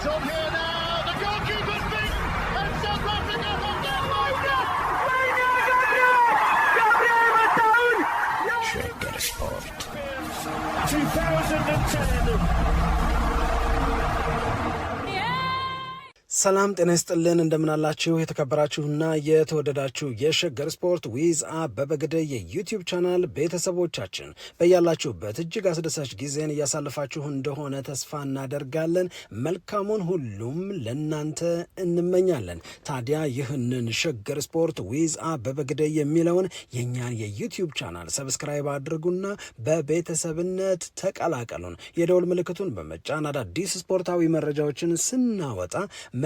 It's okay. ሰላም ጤና ይስጥልን እንደምናላችሁ የተከበራችሁና የተወደዳችሁ የሸገር ስፖርት ዊዝ አበበ ግደይ የዩቲዩብ ቻናል ቤተሰቦቻችን በያላችሁበት እጅግ አስደሳች ጊዜን እያሳለፋችሁ እንደሆነ ተስፋ እናደርጋለን። መልካሙን ሁሉም ለናንተ እንመኛለን። ታዲያ ይህንን ሸገር ስፖርት ዊዝ አበበ ግደይ የሚለውን የእኛን የዩቲዩብ ቻናል ሰብስክራይብ አድርጉና በቤተሰብነት ተቀላቀሉን። የደውል ምልክቱን በመጫን አዳዲስ ስፖርታዊ መረጃዎችን ስናወጣ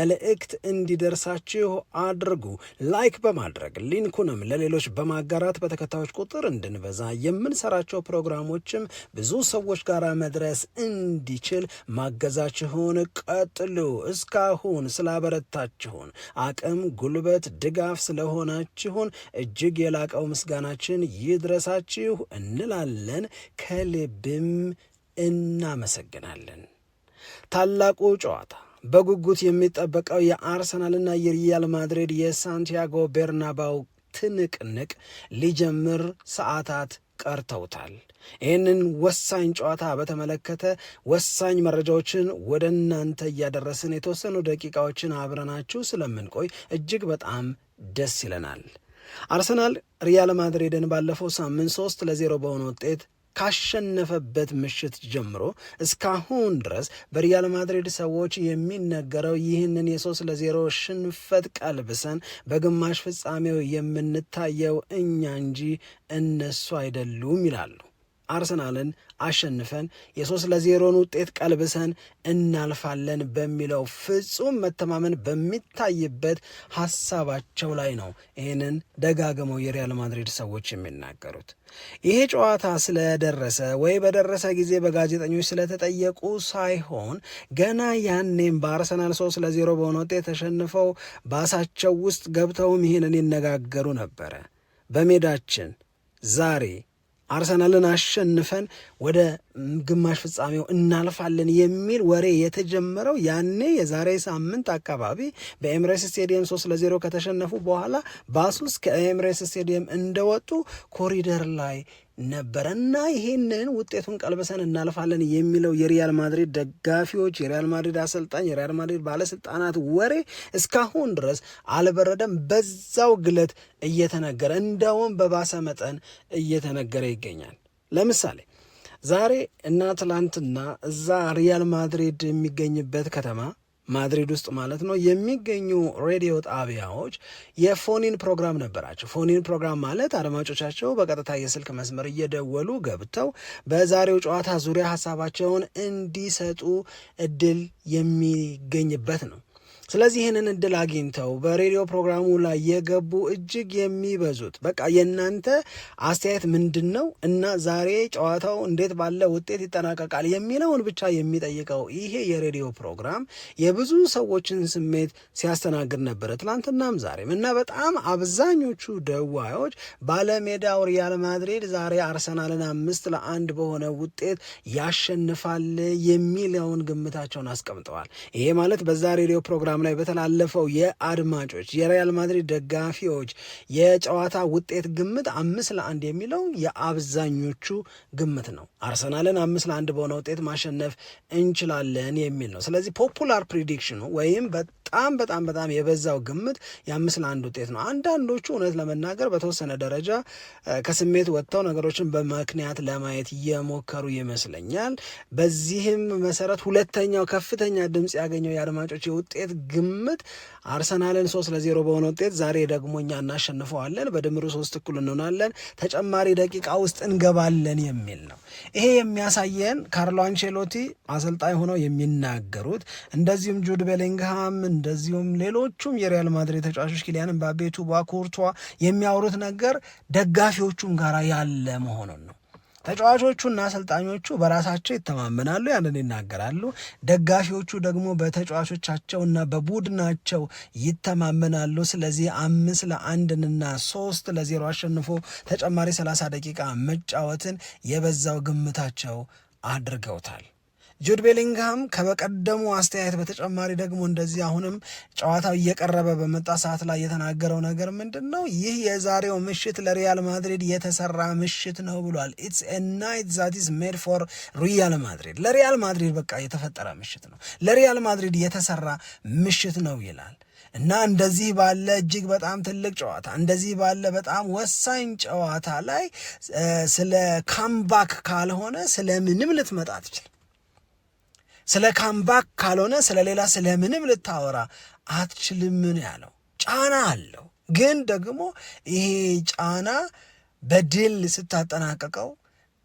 መልእክት እንዲደርሳችሁ አድርጉ። ላይክ በማድረግ ሊንኩንም ለሌሎች በማጋራት በተከታዮች ቁጥር እንድንበዛ የምንሰራቸው ፕሮግራሞችም ብዙ ሰዎች ጋር መድረስ እንዲችል ማገዛችሁን ቀጥሉ። እስካሁን ስላበረታችሁን አቅም፣ ጉልበት፣ ድጋፍ ስለሆናችሁን እጅግ የላቀው ምስጋናችን ይድረሳችሁ እንላለን። ከልብም እናመሰግናለን። ታላቁ ጨዋታ በጉጉት የሚጠበቀው የአርሰናልና የሪያል ማድሪድ የሳንቲያጎ ቤርናባው ትንቅንቅ ሊጀምር ሰዓታት ቀርተውታል። ይህንን ወሳኝ ጨዋታ በተመለከተ ወሳኝ መረጃዎችን ወደ እናንተ እያደረስን የተወሰኑ ደቂቃዎችን አብረናችሁ ስለምንቆይ እጅግ በጣም ደስ ይለናል። አርሰናል ሪያል ማድሪድን ባለፈው ሳምንት ሶስት ለዜሮ በሆነ ውጤት ካሸነፈበት ምሽት ጀምሮ እስካሁን ድረስ በሪያል ማድሪድ ሰዎች የሚነገረው ይህንን የሶስት ለዜሮ ሽንፈት ቀልብሰን በግማሽ ፍጻሜው የምንታየው እኛ እንጂ እነሱ አይደሉም ይላሉ። አርሰናልን አሸንፈን የሶስት ለዜሮን ውጤት ቀልብሰን እናልፋለን በሚለው ፍጹም መተማመን በሚታይበት ሀሳባቸው ላይ ነው ይህንን ደጋግመው የሪያል ማድሪድ ሰዎች የሚናገሩት። ይሄ ጨዋታ ስለደረሰ ወይ በደረሰ ጊዜ በጋዜጠኞች ስለተጠየቁ ሳይሆን ገና ያኔም በአርሰናል ሶስት ለዜሮ በሆነ ውጤት ተሸንፈው ባሳቸው ውስጥ ገብተውም ይህንን ይነጋገሩ ነበረ። በሜዳችን ዛሬ አርሰናልን አሸንፈን ወደ ግማሽ ፍጻሜው እናልፋለን የሚል ወሬ የተጀመረው ያኔ የዛሬ ሳምንት አካባቢ በኤምሬስ ስቴዲየም ሶስት ለዜሮ ከተሸነፉ በኋላ ባሱስ ከኤምሬስ ስቴዲየም እንደወጡ ኮሪደር ላይ ነበረና ይሄንን ውጤቱን ቀልበሰን እናልፋለን የሚለው የሪያል ማድሪድ ደጋፊዎች፣ የሪያል ማድሪድ አሰልጣኝ፣ የሪያል ማድሪድ ባለስልጣናት ወሬ እስካሁን ድረስ አልበረደም። በዛው ግለት እየተነገረ እንደውም በባሰ መጠን እየተነገረ ይገኛል። ለምሳሌ ዛሬ እና ትላንትና እዛ ሪያል ማድሪድ የሚገኝበት ከተማ ማድሪድ ውስጥ ማለት ነው የሚገኙ ሬዲዮ ጣቢያዎች የፎኒን ፕሮግራም ነበራቸው። ፎኒን ፕሮግራም ማለት አድማጮቻቸው በቀጥታ የስልክ መስመር እየደወሉ ገብተው በዛሬው ጨዋታ ዙሪያ ሀሳባቸውን እንዲሰጡ እድል የሚገኝበት ነው። ስለዚህ ይህንን እድል አግኝተው በሬዲዮ ፕሮግራሙ ላይ የገቡ እጅግ የሚበዙት በቃ የእናንተ አስተያየት ምንድን ነው እና ዛሬ ጨዋታው እንዴት ባለ ውጤት ይጠናቀቃል የሚለውን ብቻ የሚጠይቀው ይሄ የሬዲዮ ፕሮግራም የብዙ ሰዎችን ስሜት ሲያስተናግድ ነበረ፣ ትናንትናም ዛሬም እና በጣም አብዛኞቹ ደዋዮች ባለሜዳው ሪያል ማድሪድ ዛሬ አርሰናልን አምስት ለአንድ በሆነ ውጤት ያሸንፋል የሚለውን ግምታቸውን አስቀምጠዋል። ይሄ ማለት በዛ ሬዲዮ ፕሮግራም ቴሌግራም ላይ በተላለፈው የአድማጮች የሪያል ማድሪድ ደጋፊዎች የጨዋታ ውጤት ግምት አምስት ለአንድ የሚለው የአብዛኞቹ ግምት ነው። አርሰናልን አምስት ለአንድ በሆነ ውጤት ማሸነፍ እንችላለን የሚል ነው። ስለዚህ ፖፑላር ፕሪዲክሽኑ ወይም በጣም በጣም በጣም የበዛው ግምት የአምስት ለአንድ ውጤት ነው። አንዳንዶቹ እውነት ለመናገር በተወሰነ ደረጃ ከስሜት ወጥተው ነገሮችን በምክንያት ለማየት እየሞከሩ ይመስለኛል። በዚህም መሰረት ሁለተኛው ከፍተኛ ድምፅ ያገኘው የአድማጮች የውጤት ግምት አርሰናልን ሶስት ለዜሮ በሆነ ውጤት ዛሬ ደግሞ እኛ እናሸንፈዋለን፣ በድምሩ ሶስት እኩል እንሆናለን፣ ተጨማሪ ደቂቃ ውስጥ እንገባለን የሚል ነው። ይሄ የሚያሳየን ካርሎ አንቼሎቲ አሰልጣኝ ሆነው የሚናገሩት እንደዚሁም ጁድ ቤሊንግሃም እንደዚሁም ሌሎቹም የሪያል ማድሪድ ተጫዋቾች ኪሊያን ምባፔ፣ ቱባ፣ ኩርቷ የሚያወሩት ነገር ደጋፊዎቹም ጋር ያለ መሆኑን ነው። ተጫዋቾቹና አሰልጣኞቹ በራሳቸው ይተማመናሉ፣ ያንን ይናገራሉ። ደጋፊዎቹ ደግሞ በተጫዋቾቻቸውና በቡድናቸው ይተማመናሉ። ስለዚህ አምስት ለአንድንና ሶስት ለዜሮ አሸንፎ ተጨማሪ ሰላሳ ደቂቃ መጫወትን የበዛው ግምታቸው አድርገውታል። ጁድ ቤሊንግሃም ከበቀደሙ አስተያየት በተጨማሪ ደግሞ እንደዚህ አሁንም ጨዋታው እየቀረበ በመጣ ሰዓት ላይ የተናገረው ነገር ምንድን ነው? ይህ የዛሬው ምሽት ለሪያል ማድሪድ የተሰራ ምሽት ነው ብሏል። ኢትስ ኤ ናይት ዛት ኢዝ ሜድ ፎር ሪያል ማድሪድ፣ ለሪያል ማድሪድ በቃ የተፈጠረ ምሽት ነው፣ ለሪያል ማድሪድ የተሰራ ምሽት ነው ይላል እና እንደዚህ ባለ እጅግ በጣም ትልቅ ጨዋታ እንደዚህ ባለ በጣም ወሳኝ ጨዋታ ላይ ስለ ካምባክ ካልሆነ ስለ ምንም ልትመጣ ትችል ስለ ካምባክ ካልሆነ ስለ ሌላ ስለ ምንም ልታወራ አትችልምን ያለው ጫና አለው። ግን ደግሞ ይሄ ጫና በድል ስታጠናቀቀው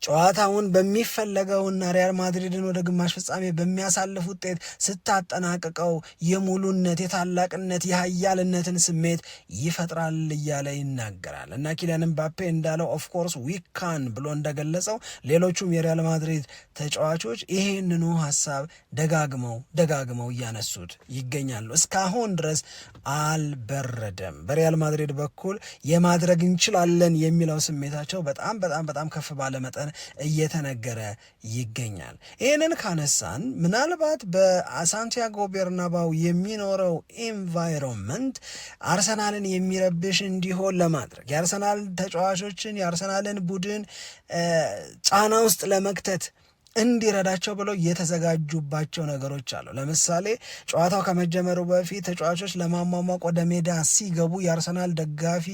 ጨዋታውን በሚፈለገውና ሪያል ማድሪድን ወደ ግማሽ ፍጻሜ በሚያሳልፍ ውጤት ስታጠናቅቀው የሙሉነት የታላቅነት የሀያልነትን ስሜት ይፈጥራል እያለ ይናገራል እና ኪሊያን ምባፔ እንዳለው ኦፍኮርስ ዊካን ብሎ እንደገለጸው ሌሎቹም የሪያል ማድሪድ ተጫዋቾች ይህንኑ ሀሳብ ደጋግመው ደጋግመው እያነሱት ይገኛሉ። እስካሁን ድረስ አልበረደም። በሪያል ማድሪድ በኩል የማድረግ እንችላለን የሚለው ስሜታቸው በጣም በጣም በጣም ከፍ ባለ መጠን አንጻር እየተነገረ ይገኛል። ይህንን ካነሳን ምናልባት በሳንቲያጎ ቤርናባው የሚኖረው ኤንቫይሮንመንት አርሰናልን የሚረብሽ እንዲሆን ለማድረግ የአርሰናል ተጫዋቾችን የአርሰናልን ቡድን ጫና ውስጥ ለመክተት እንዲረዳቸው ብለው የተዘጋጁባቸው ነገሮች አሉ። ለምሳሌ ጨዋታው ከመጀመሩ በፊት ተጫዋቾች ለማሟሟቅ ወደ ሜዳ ሲገቡ የአርሰናል ደጋፊ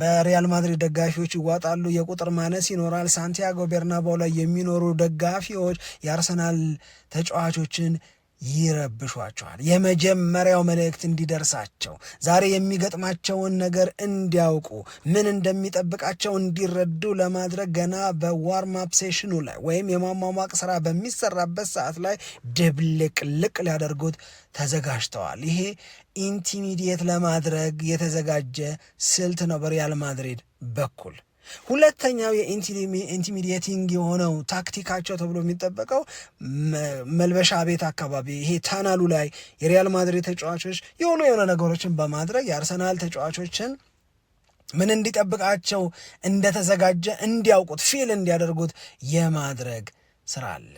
በሪያል ማድሪድ ደጋፊዎች ይዋጣሉ። የቁጥር ማነስ ይኖራል። ሳንቲያጎ ቤርናባው ላይ የሚኖሩ ደጋፊዎች የአርሰናል ተጫዋቾችን ይረብሿቸዋል። የመጀመሪያው መልእክት እንዲደርሳቸው፣ ዛሬ የሚገጥማቸውን ነገር እንዲያውቁ፣ ምን እንደሚጠብቃቸው እንዲረዱ ለማድረግ ገና በዋርማፕ ሴሽኑ ላይ ወይም የማሟሟቅ ስራ በሚሰራበት ሰዓት ላይ ድብልቅልቅ ሊያደርጉት ተዘጋጅተዋል። ይሄ ኢንቲሚዲየት ለማድረግ የተዘጋጀ ስልት ነው በሪያል ማድሪድ በኩል ሁለተኛው የኢንቲሚዲየቲንግ የሆነው ታክቲካቸው ተብሎ የሚጠበቀው መልበሻ ቤት አካባቢ ይሄ ታናሉ ላይ የሪያል ማድሪድ ተጫዋቾች የሆኑ የሆነ ነገሮችን በማድረግ የአርሰናል ተጫዋቾችን ምን እንዲጠብቃቸው እንደተዘጋጀ እንዲያውቁት ፊል እንዲያደርጉት የማድረግ ስራ አለ።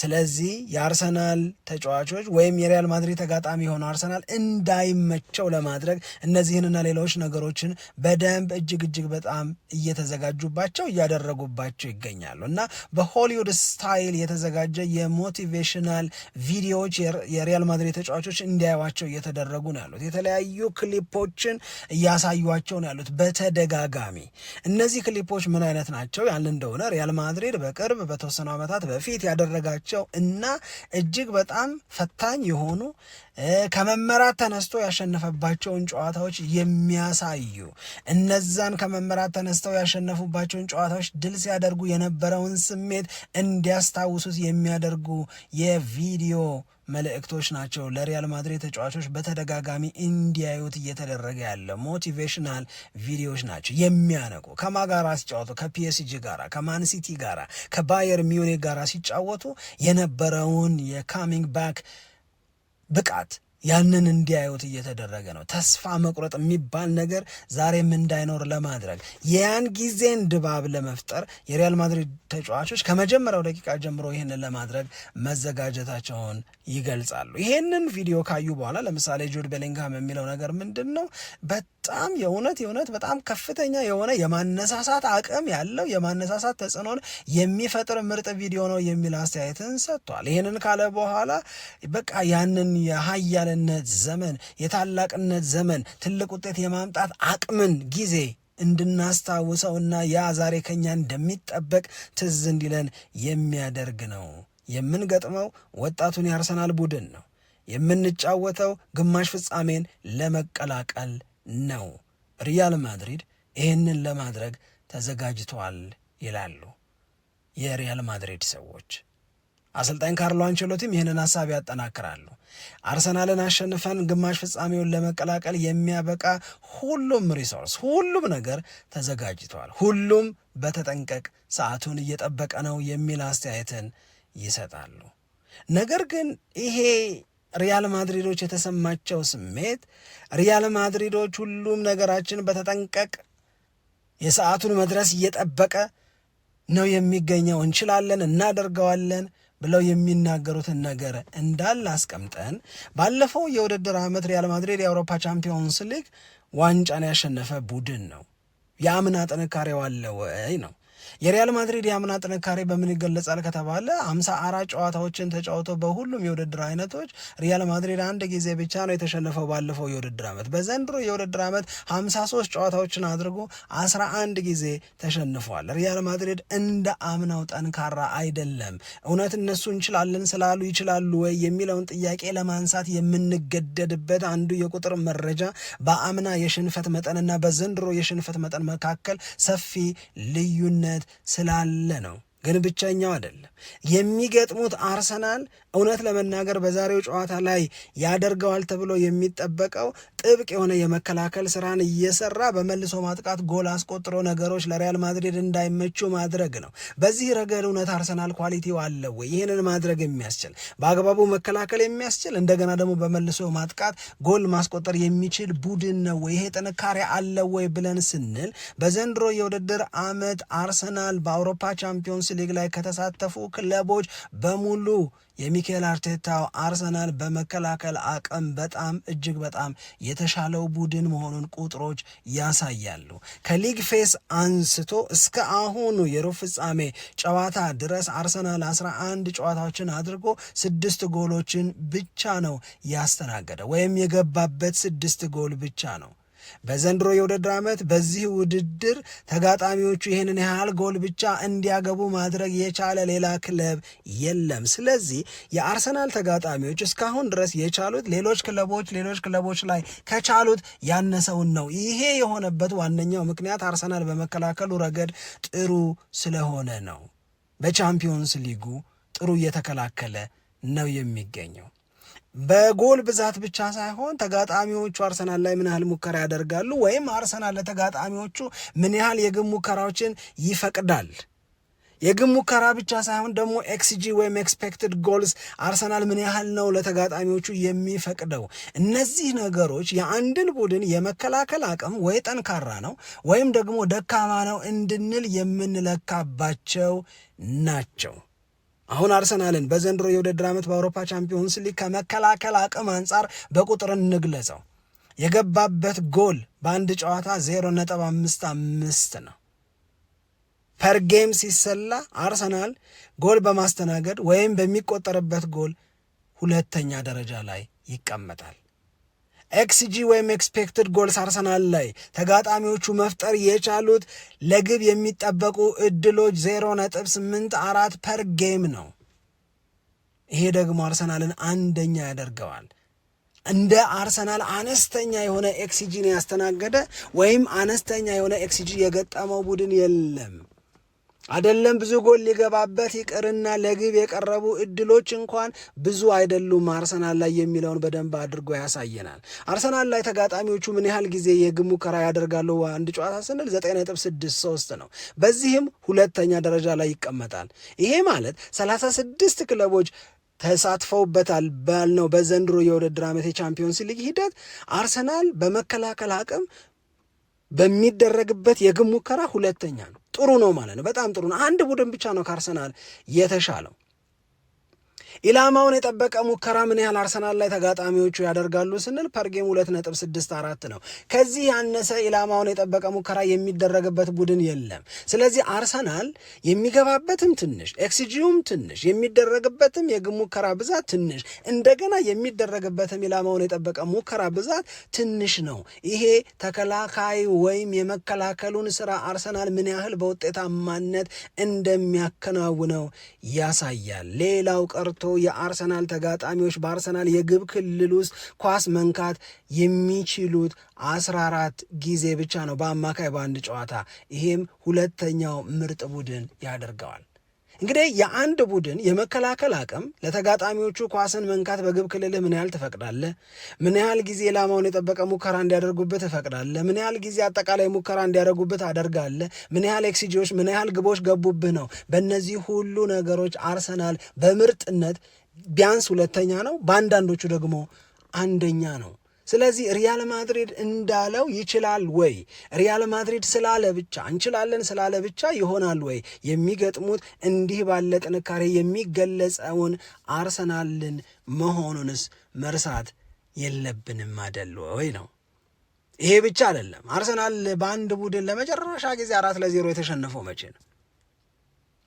ስለዚህ የአርሰናል ተጫዋቾች ወይም የሪያል ማድሪድ ተጋጣሚ የሆነው አርሰናል እንዳይመቸው ለማድረግ እነዚህንና ሌሎች ነገሮችን በደንብ እጅግ እጅግ በጣም እየተዘጋጁባቸው እያደረጉባቸው ይገኛሉ እና በሆሊውድ ስታይል የተዘጋጀ የሞቲቬሽናል ቪዲዮዎች የሪያል ማድሪድ ተጫዋቾች እንዲያዩቸው እየተደረጉ ነው ያሉት። የተለያዩ ክሊፖችን እያሳዩቸው ነው ያሉት በተደጋጋሚ። እነዚህ ክሊፖች ምን አይነት ናቸው ያል እንደሆነ ሪያል ማድሪድ በቅርብ በተወሰኑ ዓመታት በፊት ያደረጋቸው ያላቸው እና እጅግ በጣም ፈታኝ የሆኑ ከመመራት ተነስቶ ያሸነፈባቸውን ጨዋታዎች የሚያሳዩ እነዛን ከመመራት ተነስተው ያሸነፉባቸውን ጨዋታዎች ድል ሲያደርጉ የነበረውን ስሜት እንዲያስታውሱት የሚያደርጉ የቪዲዮ መልእክቶች ናቸው ለሪያል ማድሪድ ተጫዋቾች በተደጋጋሚ እንዲያዩት እየተደረገ ያለ ሞቲቬሽናል ቪዲዮዎች ናቸው። የሚያነቁ ከማ ጋር ሲጫወቱ ከፒኤስጂ ጋራ፣ ከማንሲቲ ጋራ፣ ከባየር ሚዩኒክ ጋራ ሲጫወቱ የነበረውን የካሚንግ ባክ ብቃት ያንን እንዲያዩት እየተደረገ ነው። ተስፋ መቁረጥ የሚባል ነገር ዛሬም እንዳይኖር ለማድረግ የያን ጊዜን ድባብ ለመፍጠር የሪያል ማድሪድ ተጫዋቾች ከመጀመሪያው ደቂቃ ጀምሮ ይህንን ለማድረግ መዘጋጀታቸውን ይገልጻሉ። ይህንን ቪዲዮ ካዩ በኋላ ለምሳሌ ጁድ ቤሊንግሃም የሚለው ነገር ምንድን ነው? በጣም የእውነት የእውነት በጣም ከፍተኛ የሆነ የማነሳሳት አቅም ያለው የማነሳሳት ተጽዕኖን የሚፈጥር ምርጥ ቪዲዮ ነው የሚል አስተያየትን ሰጥቷል። ይህንን ካለ በኋላ በቃ ያንን የሀያ የማንነት ዘመን፣ የታላቅነት ዘመን ትልቅ ውጤት የማምጣት አቅምን ጊዜ እንድናስታውሰውና ያ ዛሬ ከኛ እንደሚጠበቅ ትዝ እንዲለን የሚያደርግ ነው። የምንገጥመው ወጣቱን ያርሰናል ቡድን ነው። የምንጫወተው ግማሽ ፍጻሜን ለመቀላቀል ነው። ሪያል ማድሪድ ይህንን ለማድረግ ተዘጋጅተዋል ይላሉ የሪያል ማድሪድ ሰዎች። አሰልጣኝ ካርሎ አንቸሎቲም ይህንን ሀሳብ ያጠናክራሉ። አርሰናልን አሸንፈን ግማሽ ፍጻሜውን ለመቀላቀል የሚያበቃ ሁሉም ሪሶርስ፣ ሁሉም ነገር ተዘጋጅቷል። ሁሉም በተጠንቀቅ ሰዓቱን እየጠበቀ ነው የሚል አስተያየትን ይሰጣሉ። ነገር ግን ይሄ ሪያል ማድሪዶች የተሰማቸው ስሜት ሪያል ማድሪዶች ሁሉም ነገራችን በተጠንቀቅ የሰዓቱን መድረስ እየጠበቀ ነው የሚገኘው፣ እንችላለን፣ እናደርገዋለን ብለው የሚናገሩትን ነገር እንዳለ አስቀምጠን ባለፈው የውድድር ዓመት ሪያል ማድሪድ የአውሮፓ ቻምፒዮንስ ሊግ ዋንጫን ያሸነፈ ቡድን ነው። የአምና ጥንካሬው አለ ወይ ነው። የሪያል ማድሪድ የአምና ጥንካሬ በምን ይገለጻል ከተባለ አምሳ አራት ጨዋታዎችን ተጫውቶ በሁሉም የውድድር አይነቶች ሪያል ማድሪድ አንድ ጊዜ ብቻ ነው የተሸነፈው ባለፈው የውድድር ዓመት። በዘንድሮ የውድድር ዓመት ሀምሳ ሶስት ጨዋታዎችን አድርጎ አስራ አንድ ጊዜ ተሸንፏል። ሪያል ማድሪድ እንደ አምናው ጠንካራ አይደለም። እውነት እነሱ እንችላለን ስላሉ ይችላሉ ወይ የሚለውን ጥያቄ ለማንሳት የምንገደድበት አንዱ የቁጥር መረጃ በአምና የሽንፈት መጠንና በዘንድሮ የሽንፈት መጠን መካከል ሰፊ ልዩነት ግንኙነት ስላለ ነው። ግን ብቸኛው አይደለም። የሚገጥሙት አርሰናል እውነት ለመናገር በዛሬው ጨዋታ ላይ ያደርገዋል ተብሎ የሚጠበቀው ጥብቅ የሆነ የመከላከል ስራን እየሰራ በመልሶ ማጥቃት ጎል አስቆጥሮ ነገሮች ለሪያል ማድሪድ እንዳይመቹ ማድረግ ነው። በዚህ ረገድ እውነት አርሰናል ኳሊቲው አለው ወይ? ይህንን ማድረግ የሚያስችል በአግባቡ መከላከል የሚያስችል እንደገና ደግሞ በመልሶ ማጥቃት ጎል ማስቆጠር የሚችል ቡድን ነው ወይ? ይሄ ጥንካሬ አለ ወይ ብለን ስንል በዘንድሮ የውድድር አመት አርሰናል በአውሮፓ ቻምፒዮንስ ሊግ ላይ ከተሳተፉ ክለቦች በሙሉ የሚካኤል አርቴታው አርሰናል በመከላከል አቅም በጣም እጅግ በጣም የተሻለው ቡድን መሆኑን ቁጥሮች ያሳያሉ። ከሊግ ፌስ አንስቶ እስከ አሁኑ የሩብ ፍጻሜ ጨዋታ ድረስ አርሰናል 11 ጨዋታዎችን አድርጎ ስድስት ጎሎችን ብቻ ነው ያስተናገደ ወይም የገባበት ስድስት ጎል ብቻ ነው። በዘንድሮ የውድድር ዓመት በዚህ ውድድር ተጋጣሚዎቹ ይህንን ያህል ጎል ብቻ እንዲያገቡ ማድረግ የቻለ ሌላ ክለብ የለም። ስለዚህ የአርሰናል ተጋጣሚዎች እስካሁን ድረስ የቻሉት ሌሎች ክለቦች ሌሎች ክለቦች ላይ ከቻሉት ያነሰውን ነው። ይሄ የሆነበት ዋነኛው ምክንያት አርሰናል በመከላከሉ ረገድ ጥሩ ስለሆነ ነው። በቻምፒዮንስ ሊጉ ጥሩ እየተከላከለ ነው የሚገኘው። በጎል ብዛት ብቻ ሳይሆን ተጋጣሚዎቹ አርሰናል ላይ ምን ያህል ሙከራ ያደርጋሉ ወይም አርሰናል ለተጋጣሚዎቹ ምን ያህል የግብ ሙከራዎችን ይፈቅዳል። የግብ ሙከራ ብቻ ሳይሆን ደግሞ ኤክስጂ ወይም ኤክስፔክትድ ጎልስ አርሰናል ምን ያህል ነው ለተጋጣሚዎቹ የሚፈቅደው። እነዚህ ነገሮች የአንድን ቡድን የመከላከል አቅም ወይ ጠንካራ ነው ወይም ደግሞ ደካማ ነው እንድንል የምንለካባቸው ናቸው። አሁን አርሰናልን በዘንድሮ የውድድር ዓመት በአውሮፓ ቻምፒዮንስ ሊግ ከመከላከል አቅም አንጻር በቁጥር እንግለጸው። የገባበት ጎል በአንድ ጨዋታ 0.55 ነው። ፐር ጌም ሲሰላ አርሰናል ጎል በማስተናገድ ወይም በሚቆጠርበት ጎል ሁለተኛ ደረጃ ላይ ይቀመጣል። ኤክስጂ ወይም ኤክስፔክትድ ጎልስ አርሰናል ላይ ተጋጣሚዎቹ መፍጠር የቻሉት ለግብ የሚጠበቁ እድሎች ዜሮ ነጥብ ስምንት አራት ፐር ጌም ነው። ይሄ ደግሞ አርሰናልን አንደኛ ያደርገዋል። እንደ አርሰናል አነስተኛ የሆነ ኤክስጂን ያስተናገደ ወይም አነስተኛ የሆነ ኤክስጂ የገጠመው ቡድን የለም። አደለም ብዙ ጎል ሊገባበት ይቅርና ለግብ የቀረቡ እድሎች እንኳን ብዙ አይደሉም አርሰናል ላይ የሚለውን በደንብ አድርጎ ያሳየናል። አርሰናል ላይ ተጋጣሚዎቹ ምን ያህል ጊዜ የግብ ሙከራ ያደርጋሉ አንድ ጨዋታ ስንል 9.63 ነው። በዚህም ሁለተኛ ደረጃ ላይ ይቀመጣል። ይሄ ማለት 36 ክለቦች ተሳትፈውበታል ባልነው በዘንድሮ የውድድር ዓመት የቻምፒዮንስ ሊግ ሂደት አርሰናል በመከላከል አቅም በሚደረግበት የግብ ሙከራ ሁለተኛ ነው። ጥሩ ነው ማለት ነው። በጣም ጥሩ ነው። አንድ ቡድን ብቻ ነው ከአርሰናል የተሻለው ኢላማውን የጠበቀ ሙከራ ምን ያህል አርሰናል ላይ ተጋጣሚዎቹ ያደርጋሉ ስንል ፐርጌም ሁለት ነጥብ ስድስት አራት ነው። ከዚህ ያነሰ ኢላማውን የጠበቀ ሙከራ የሚደረግበት ቡድን የለም። ስለዚህ አርሰናል የሚገባበትም ትንሽ፣ ኤክስጂውም ትንሽ፣ የሚደረግበትም የግብ ሙከራ ብዛት ትንሽ፣ እንደገና የሚደረግበትም ኢላማውን የጠበቀ ሙከራ ብዛት ትንሽ ነው። ይሄ ተከላካይ ወይም የመከላከሉን ስራ አርሰናል ምን ያህል በውጤታማነት እንደሚያከናውነው ያሳያል። ሌላው ቀርቶ የአርሰናል ተጋጣሚዎች በአርሰናል የግብ ክልል ውስጥ ኳስ መንካት የሚችሉት አስራ አራት ጊዜ ብቻ ነው በአማካይ በአንድ ጨዋታ። ይሄም ሁለተኛው ምርጥ ቡድን ያደርገዋል። እንግዲህ የአንድ ቡድን የመከላከል አቅም ለተጋጣሚዎቹ ኳስን መንካት በግብ ክልልህ ምን ያህል ትፈቅዳለህ፣ ምን ያህል ጊዜ ኢላማውን የጠበቀ ሙከራ እንዲያደርጉበት ትፈቅዳለህ፣ ምን ያህል ጊዜ አጠቃላይ ሙከራ እንዲያደርጉበት አደርጋለህ፣ ምን ያህል ኤክሲጂዎች፣ ምን ያህል ግቦች ገቡብህ ነው። በእነዚህ ሁሉ ነገሮች አርሰናል በምርጥነት ቢያንስ ሁለተኛ ነው፣ በአንዳንዶቹ ደግሞ አንደኛ ነው። ስለዚህ ሪያል ማድሪድ እንዳለው ይችላል ወይ? ሪያል ማድሪድ ስላለ ብቻ እንችላለን ስላለ ብቻ ይሆናል ወይ? የሚገጥሙት እንዲህ ባለ ጥንካሬ የሚገለጸውን አርሰናልን መሆኑንስ መርሳት የለብንም አደል ወይ ነው። ይሄ ብቻ አይደለም። አርሰናል በአንድ ቡድን ለመጨረሻ ጊዜ አራት ለዜሮ የተሸነፈው መቼ ነው?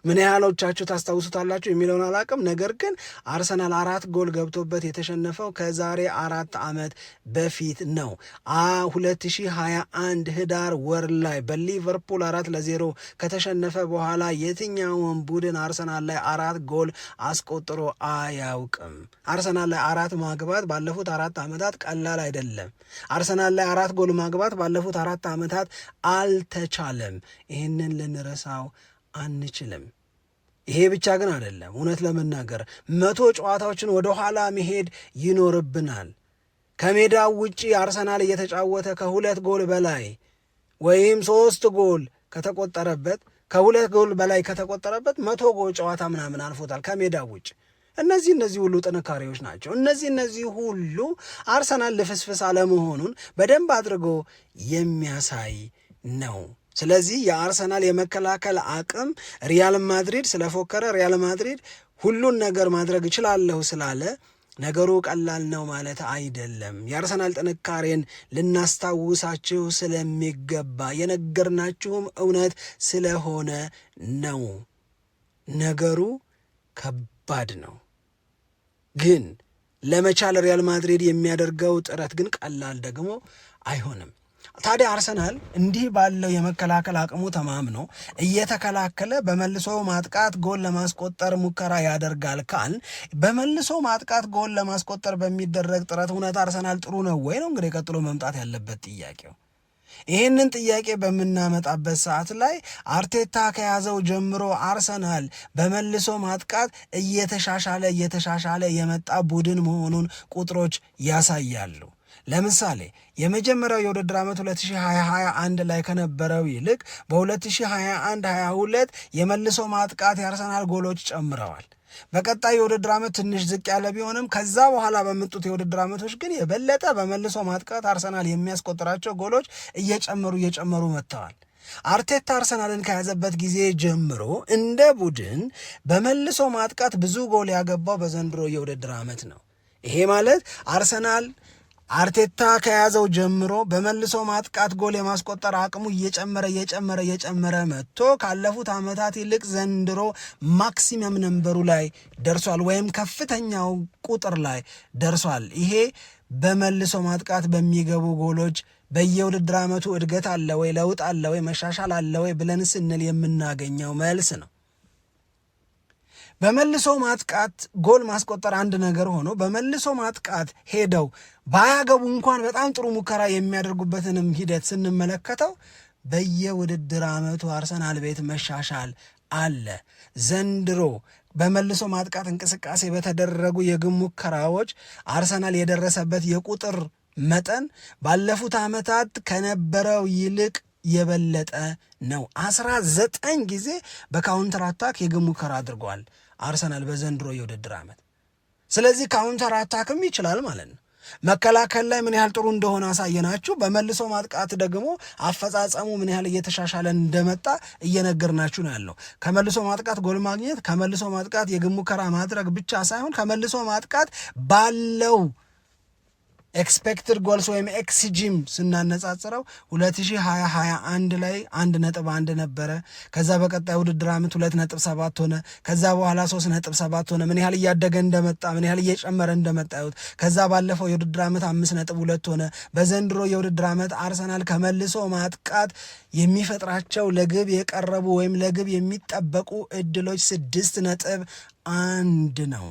ምን ያህሎቻችሁ ታስታውሱታላችሁ የሚለውን አላቅም። ነገር ግን አርሰናል አራት ጎል ገብቶበት የተሸነፈው ከዛሬ አራት ዓመት በፊት ነው። 2021 ህዳር ወር ላይ በሊቨርፑል አራት ለዜሮ ከተሸነፈ በኋላ የትኛውን ቡድን አርሰናል ላይ አራት ጎል አስቆጥሮ አያውቅም። አርሰናል ላይ አራት ማግባት ባለፉት አራት ዓመታት ቀላል አይደለም። አርሰናል ላይ አራት ጎል ማግባት ባለፉት አራት ዓመታት አልተቻለም። ይህንን ልንረሳው አንችልም። ይሄ ብቻ ግን አይደለም። እውነት ለመናገር መቶ ጨዋታዎችን ወደ ኋላ መሄድ ይኖርብናል። ከሜዳ ውጪ አርሰናል እየተጫወተ ከሁለት ጎል በላይ ወይም ሶስት ጎል ከተቆጠረበት ከሁለት ጎል በላይ ከተቆጠረበት መቶ ጎል ጨዋታ ምናምን አልፎታል ከሜዳ ውጭ። እነዚህ እነዚህ ሁሉ ጥንካሬዎች ናቸው። እነዚህ እነዚህ ሁሉ አርሰናል ልፍስፍስ አለመሆኑን በደንብ አድርጎ የሚያሳይ ነው። ስለዚህ የአርሰናል የመከላከል አቅም ሪያል ማድሪድ ስለፎከረ ሪያል ማድሪድ ሁሉን ነገር ማድረግ እችላለሁ ስላለ ነገሩ ቀላል ነው ማለት አይደለም። የአርሰናል ጥንካሬን ልናስታውሳችሁ ስለሚገባ የነገርናችሁም እውነት ስለሆነ ነው። ነገሩ ከባድ ነው፣ ግን ለመቻል ሪያል ማድሪድ የሚያደርገው ጥረት ግን ቀላል ደግሞ አይሆንም። ታዲያ አርሰናል እንዲህ ባለው የመከላከል አቅሙ ተማምኖ እየተከላከለ በመልሶ ማጥቃት ጎል ለማስቆጠር ሙከራ ያደርጋል ካል በመልሶ ማጥቃት ጎል ለማስቆጠር በሚደረግ ጥረት እውነት አርሰናል ጥሩ ነው ወይ ነው እንግዲህ ቀጥሎ መምጣት ያለበት ጥያቄው። ይህንን ጥያቄ በምናመጣበት ሰዓት ላይ አርቴታ ከያዘው ጀምሮ አርሰናል በመልሶ ማጥቃት እየተሻሻለ እየተሻሻለ የመጣ ቡድን መሆኑን ቁጥሮች ያሳያሉ። ለምሳሌ የመጀመሪያው የውድድር ዓመት 2021 ላይ ከነበረው ይልቅ በ2021-22 የመልሶ ማጥቃት የአርሰናል ጎሎች ጨምረዋል። በቀጣይ የውድድር ዓመት ትንሽ ዝቅ ያለ ቢሆንም ከዛ በኋላ በመጡት የውድድር ዓመቶች ግን የበለጠ በመልሶ ማጥቃት አርሰናል የሚያስቆጥራቸው ጎሎች እየጨመሩ እየጨመሩ መጥተዋል። አርቴታ አርሰናልን ከያዘበት ጊዜ ጀምሮ እንደ ቡድን በመልሶ ማጥቃት ብዙ ጎል ያገባው በዘንድሮ የውድድር ዓመት ነው። ይሄ ማለት አርሰናል አርቴታ ከያዘው ጀምሮ በመልሶ ማጥቃት ጎል የማስቆጠር አቅሙ እየጨመረ እየጨመረ እየጨመረ መጥቶ ካለፉት ዓመታት ይልቅ ዘንድሮ ማክሲመም ነንበሩ ላይ ደርሷል፣ ወይም ከፍተኛው ቁጥር ላይ ደርሷል። ይሄ በመልሶ ማጥቃት በሚገቡ ጎሎች በየውድድር ዓመቱ እድገት አለ ወይ ለውጥ አለ ወይ መሻሻል አለ ወይ ብለን ስንል የምናገኘው መልስ ነው። በመልሶ ማጥቃት ጎል ማስቆጠር አንድ ነገር ሆኖ በመልሶ ማጥቃት ሄደው ባያገቡ እንኳን በጣም ጥሩ ሙከራ የሚያደርጉበትንም ሂደት ስንመለከተው በየውድድር አመቱ አርሰናል ቤት መሻሻል አለ። ዘንድሮ በመልሶ ማጥቃት እንቅስቃሴ በተደረጉ የግብ ሙከራዎች አርሰናል የደረሰበት የቁጥር መጠን ባለፉት አመታት ከነበረው ይልቅ የበለጠ ነው። አስራ ዘጠኝ ጊዜ በካውንተር አታክ የግብ ሙከራ አድርጓል። አርሰናል በዘንድሮ የውድድር ዓመት። ስለዚህ ካውንተር አታክም ይችላል ማለት ነው። መከላከል ላይ ምን ያህል ጥሩ እንደሆነ አሳየናችሁ። በመልሶ ማጥቃት ደግሞ አፈጻጸሙ ምን ያህል እየተሻሻለ እንደመጣ እየነገርናችሁ ነው ያለው። ከመልሶ ማጥቃት ጎል ማግኘት፣ ከመልሶ ማጥቃት የግብ ሙከራ ማድረግ ብቻ ሳይሆን ከመልሶ ማጥቃት ባለው ኤክስፔክትድ ጎልስ ወይም ኤክስጂም ስናነጻጽረው 2021 ላይ አንድ ነጥብ አንድ ነበረ። ከዛ በቀጣይ ውድድር ዓመት ሁለት ነጥብ ሰባት ሆነ። ከዛ በኋላ ሶስት ነጥብ ሰባት ሆነ። ምን ያህል እያደገ እንደመጣ ምን ያህል እየጨመረ እንደመጣ ያዩት። ከዛ ባለፈው የውድድር ዓመት አምስት ነጥብ ሁለት ሆነ። በዘንድሮ የውድድር ዓመት አርሰናል ከመልሶ ማጥቃት የሚፈጥራቸው ለግብ የቀረቡ ወይም ለግብ የሚጠበቁ እድሎች ስድስት ነጥብ አንድ ነው።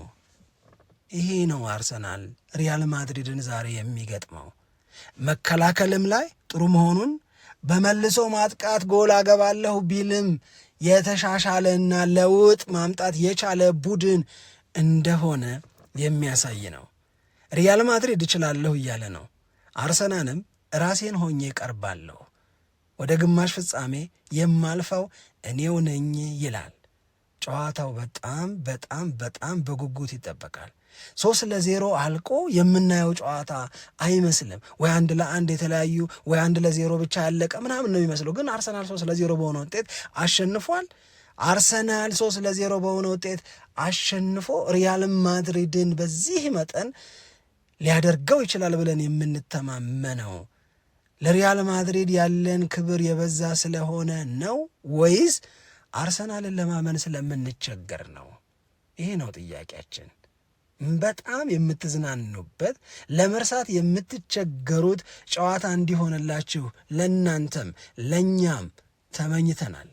ይሄ ነው አርሰናል ሪያል ማድሪድን ዛሬ የሚገጥመው። መከላከልም ላይ ጥሩ መሆኑን በመልሶ ማጥቃት ጎል አገባለሁ ቢልም የተሻሻለና ለውጥ ማምጣት የቻለ ቡድን እንደሆነ የሚያሳይ ነው። ሪያል ማድሪድ እችላለሁ እያለ ነው። አርሰናልም ራሴን ሆኜ ቀርባለሁ፣ ወደ ግማሽ ፍጻሜ የማልፈው እኔው ነኝ ይላል። ጨዋታው በጣም በጣም በጣም በጉጉት ይጠበቃል። ሶስት ለዜሮ አልቆ የምናየው ጨዋታ አይመስልም። ወይ አንድ ለአንድ የተለያዩ ወይ አንድ ለዜሮ ብቻ ያለቀ ምናምን ነው የሚመስለው። ግን አርሰናል ሶስት ለዜሮ በሆነ ውጤት አሸንፏል። አርሰናል ሶስት ለዜሮ በሆነ ውጤት አሸንፎ ሪያል ማድሪድን በዚህ መጠን ሊያደርገው ይችላል ብለን የምንተማመነው ለሪያል ማድሪድ ያለን ክብር የበዛ ስለሆነ ነው ወይስ አርሰናልን ለማመን ስለምንቸገር ነው። ይሄ ነው ጥያቄያችን። በጣም የምትዝናኑበት ለመርሳት የምትቸገሩት ጨዋታ እንዲሆንላችሁ ለእናንተም ለእኛም ተመኝተናል።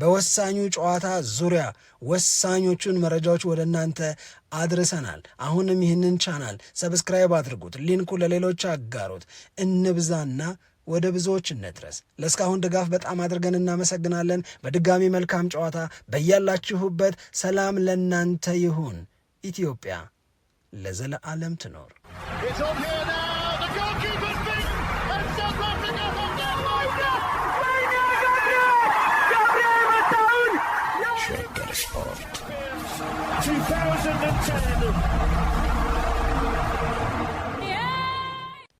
በወሳኙ ጨዋታ ዙሪያ ወሳኞቹን መረጃዎች ወደ እናንተ አድርሰናል። አሁንም ይህንን ቻናል ሰብስክራይብ አድርጉት፣ ሊንኩ ለሌሎች አጋሩት። እንብዛና ወደ ብዙዎች እንድረስ። ለእስካሁን ድጋፍ በጣም አድርገን እናመሰግናለን። በድጋሚ መልካም ጨዋታ። በያላችሁበት ሰላም ለእናንተ ይሁን። ኢትዮጵያ ለዘለዓለም ትኖር። Sport. 2010